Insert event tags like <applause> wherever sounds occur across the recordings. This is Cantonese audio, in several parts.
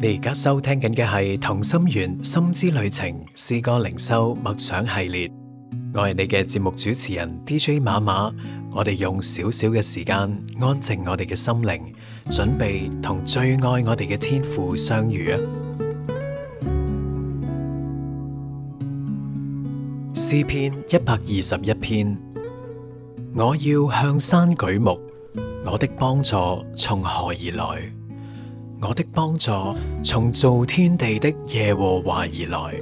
你而家收聽緊嘅係同心圓心之旅程詩歌靈修默想系列，我係你嘅節目主持人 DJ 馬馬，我哋用少少嘅時間安靜我哋嘅心靈，準備同最愛我哋嘅天父相遇啊！ <music> 詩篇一百二十一篇，我要向山舉目，我的幫助從何而來？我的幫助從造天地的耶和華而來，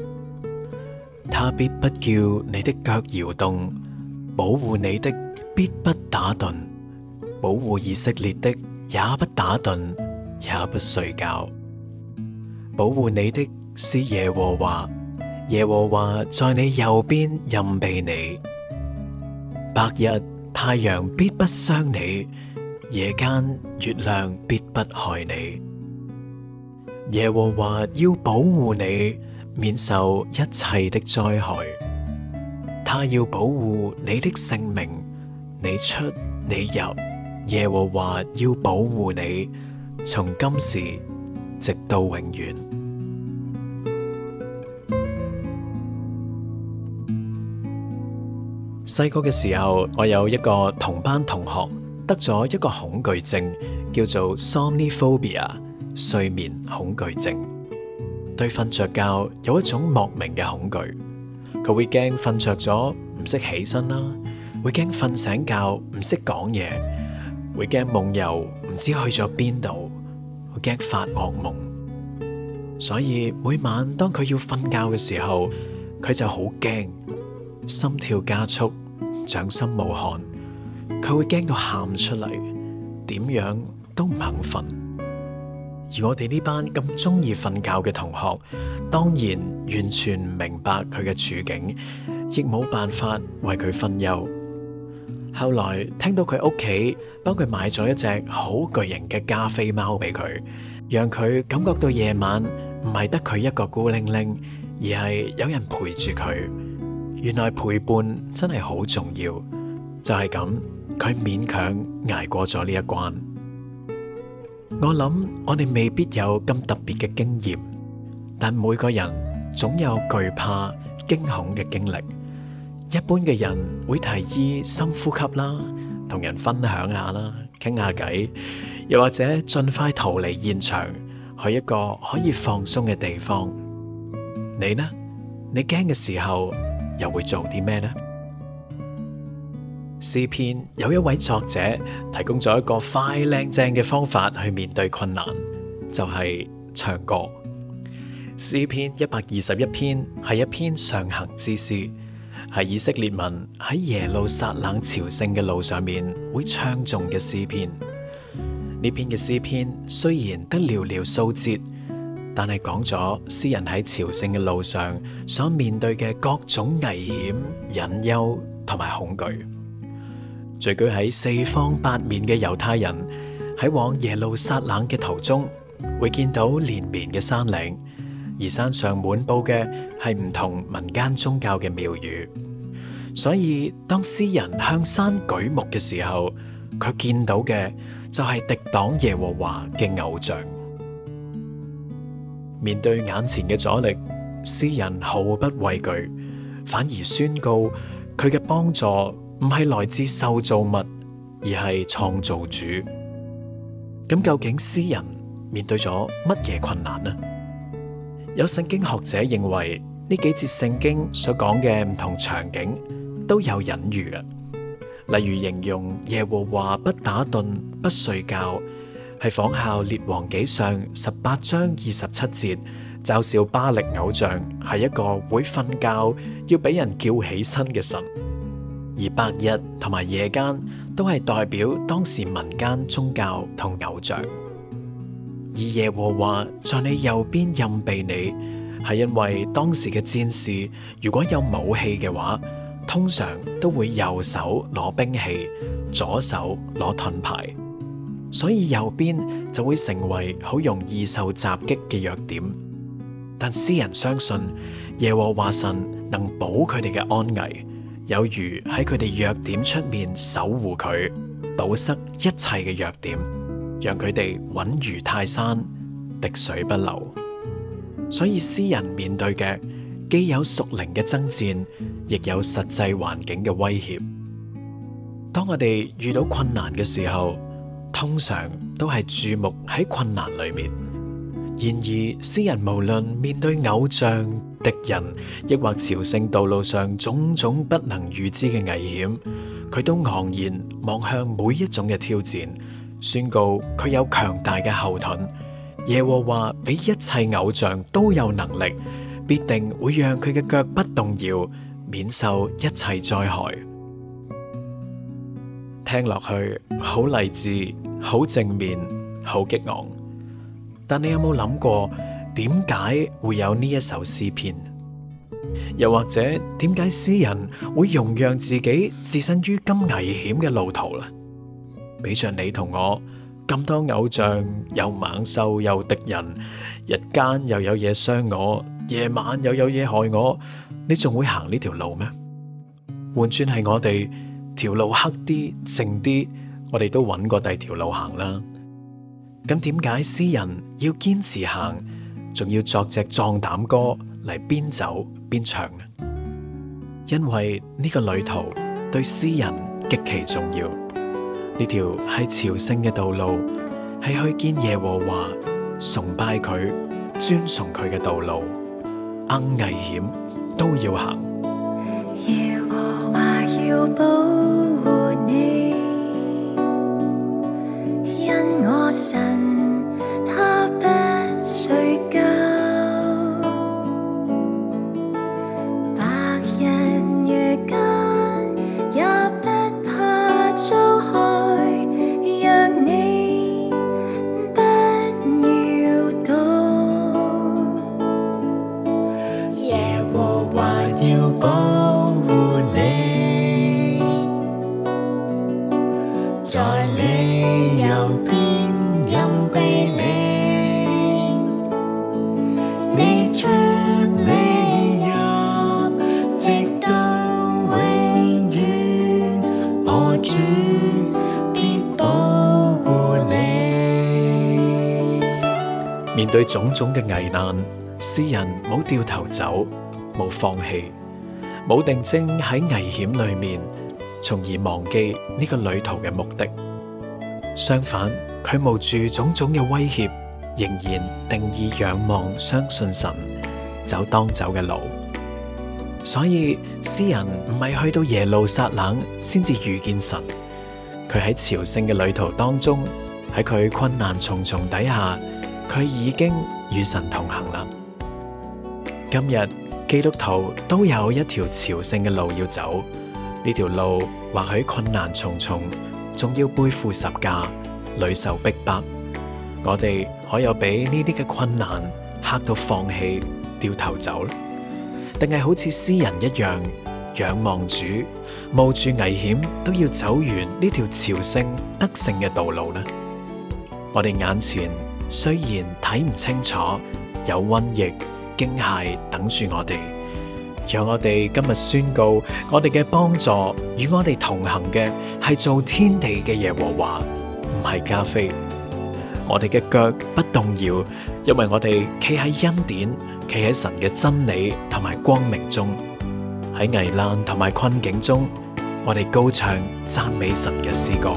他必不叫你的腳搖動，保護你的必不打盹，保護以色列的也不打盹，也不睡覺。保護你的是耶和華，耶和華在你右邊蔭庇你。白日太陽必不傷你，夜間月亮必不害你。耶和華要保護你，免受一切的災害。他要保護你的性命，你出你入。耶和華要保護你，從今時直到永遠。細個嘅時候，我有一個同班同學得咗一個恐懼症，叫做 Somniphobia。睡眠恐懼症，對瞓着覺有一種莫名嘅恐懼，佢會驚瞓着咗唔識起身啦，會驚瞓醒覺唔識講嘢，會驚夢遊唔知去咗邊度，會驚發惡夢。所以每晚當佢要瞓覺嘅時候，佢就好驚，心跳加速，掌心冒汗，佢會驚到喊出嚟，點樣都唔肯瞓。而我哋呢班咁鍾意瞓覺嘅同學，當然完全唔明白佢嘅處境，亦冇辦法為佢分憂。後來聽到佢屋企幫佢買咗一隻好巨型嘅加菲貓俾佢，讓佢感覺到夜晚唔係得佢一個孤零零，而係有人陪住佢。原來陪伴真係好重要，就係咁，佢勉強捱過咗呢一關。我諗我哋未必有咁特別嘅經驗，但每個人總有懼怕、驚恐嘅經歷。一般嘅人會提議深呼吸啦，同人分享下啦，傾下偈，又或者盡快逃離現場，去一個可以放鬆嘅地方。你呢？你驚嘅時候又會做啲咩呢？詩篇有一位作者提供咗一個快靚正嘅方法去面對困難，就係唱歌。詩篇一百二十一篇係一篇上行之詩，係以色列文喺耶路撒冷朝聖嘅路上面會唱誦嘅詩篇。呢篇嘅詩篇雖然得寥寥數節，但係講咗詩人喺朝聖嘅路上所面對嘅各種危險、隱憂同埋恐懼。聚居喺四方八面嘅猶太人喺往耶路撒冷嘅途中，會見到連綿嘅山嶺，而山上滿布嘅係唔同民間宗教嘅廟宇。所以當詩人向山舉目嘅時候，佢見到嘅就係敵擋耶和華嘅偶像。面對眼前嘅阻力，詩人毫不畏懼，反而宣告佢嘅幫助。唔係來自受造物，而係創造主。咁究竟詩人面對咗乜嘢困難呢？有聖經學者認為呢幾節聖經所講嘅唔同場景都有隱喻嘅，例如形容耶和華不打盹、不睡覺，係仿效列王紀上十八章二十七節，嘲笑巴力偶像係一個會瞓覺要俾人叫起身嘅神。而白日同埋夜間都係代表當時民間宗教同偶像。而耶和華在你右邊蔭庇你，係因為當時嘅戰士如果有武器嘅話，通常都會右手攞兵器，左手攞盾牌，所以右邊就會成為好容易受襲擊嘅弱點。但詩人相信耶和華神能保佢哋嘅安危。有如喺佢哋弱點出面守護佢，堵塞一切嘅弱點，讓佢哋穩如泰山，滴水不漏。所以詩人面對嘅既有屬靈嘅爭戰，亦有實際環境嘅威脅。當我哋遇到困難嘅時候，通常都係注目喺困難裏面。然而詩人無論面對偶像、敵人，抑或朝聖道路上種種不能預知嘅危險，佢都昂然望向每一種嘅挑戰，宣告佢有強大嘅後盾。耶和華比一切偶像都有能力，必定會讓佢嘅腳不動搖，免受一切災害。聽落去好勵志、好正面、好激昂，但你有冇諗過？點解會有呢一首詩篇？又或者點解詩人會容讓自己置身於咁危險嘅路途啦？比著你同我咁多偶像，又猛獸又敵人，日間又有嘢傷我，夜晚又有嘢害我，你仲會行呢條路咩？換轉係我哋條路黑啲、靜啲，我哋都揾過第二條路行啦。咁點解詩人要堅持行？仲要作隻壯膽歌嚟，邊走邊唱，因為呢個旅途對詩人極其重要。呢條喺朝聖嘅道路，係去見耶和華、崇拜佢、尊崇佢嘅道路，硬危險都要行。耶和華要保護你。因我面對種種嘅危難，詩人冇掉頭走，冇放棄，冇定睛喺危險裏面，從而忘記呢個旅途嘅目的。相反，佢冒住種種嘅威脅，仍然定意仰望、相信神，走當走嘅路。所以，詩人唔係去到耶路撒冷先至遇見神，佢喺朝聖嘅旅途當中，喺佢困難重重底下。佢已經與神同行啦。今日基督徒都有一條朝聖嘅路要走，呢條路或許困難重重，仲要背負十架，屢受逼迫。我哋可有俾呢啲嘅困難嚇到放棄，掉頭走呢？定係好似詩人一樣仰望主，冒住危險都要走完呢條朝聖得勝嘅道路呢？我哋眼前。雖然睇唔清楚，有瘟疫、驚嚇等住我哋，讓我哋今日宣告，我哋嘅幫助與我哋同行嘅係造天地嘅耶和華，唔係加菲。我哋嘅腳不動搖，因為我哋企喺恩典，企喺神嘅真理同埋光明中，喺危難同埋困境中，我哋高唱讚美神嘅詩歌。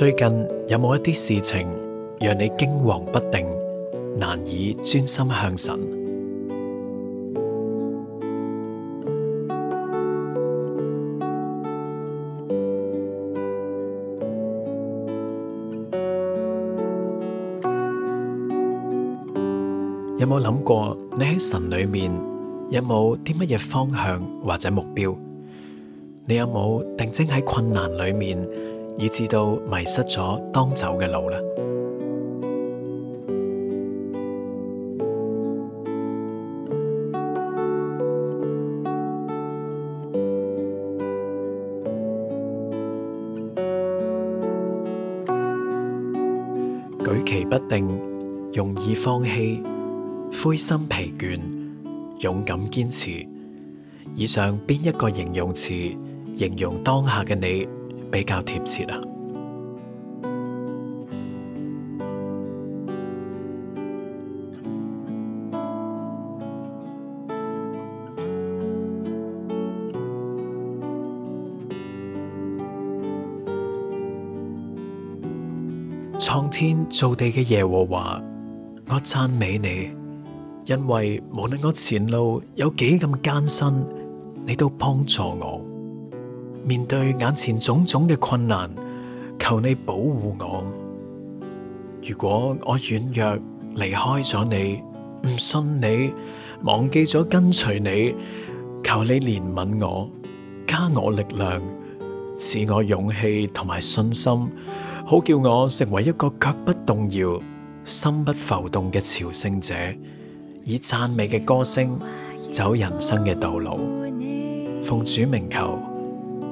最近有冇一啲事情讓你驚惶不定，難以專心向神？ <music> 有冇諗過你喺神裏面有冇啲乜嘢方向或者目標？你有冇定睛喺困難裏面？以致到迷失咗當走嘅路啦。舉棋不定、容易放棄、灰心疲倦、勇敢堅持。以上邊一個形容詞形容當下嘅你？比較貼切啊！創天造地嘅耶和華，我讚美你，因為無論我前路有幾咁艱辛，你都幫助我。面對眼前種種嘅困難，求你保護我。如果我軟弱，離開咗你，唔信你，忘記咗跟隨你，求你憐憫我，加我力量，賜我勇氣同埋信心，好叫我成為一個腳不動搖、心不浮動嘅朝聖者，以讚美嘅歌聲走人生嘅道路。奉主名求。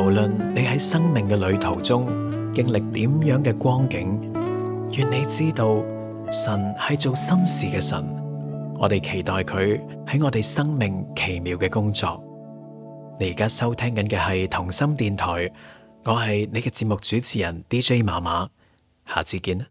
無論你喺生命嘅旅途中經歷點樣嘅光景，願你知道神係做新事嘅神。我哋期待佢喺我哋生命奇妙嘅工作。你而家收聽緊嘅係同心電台，我係你嘅節目主持人 DJ 馬馬，下次見啦。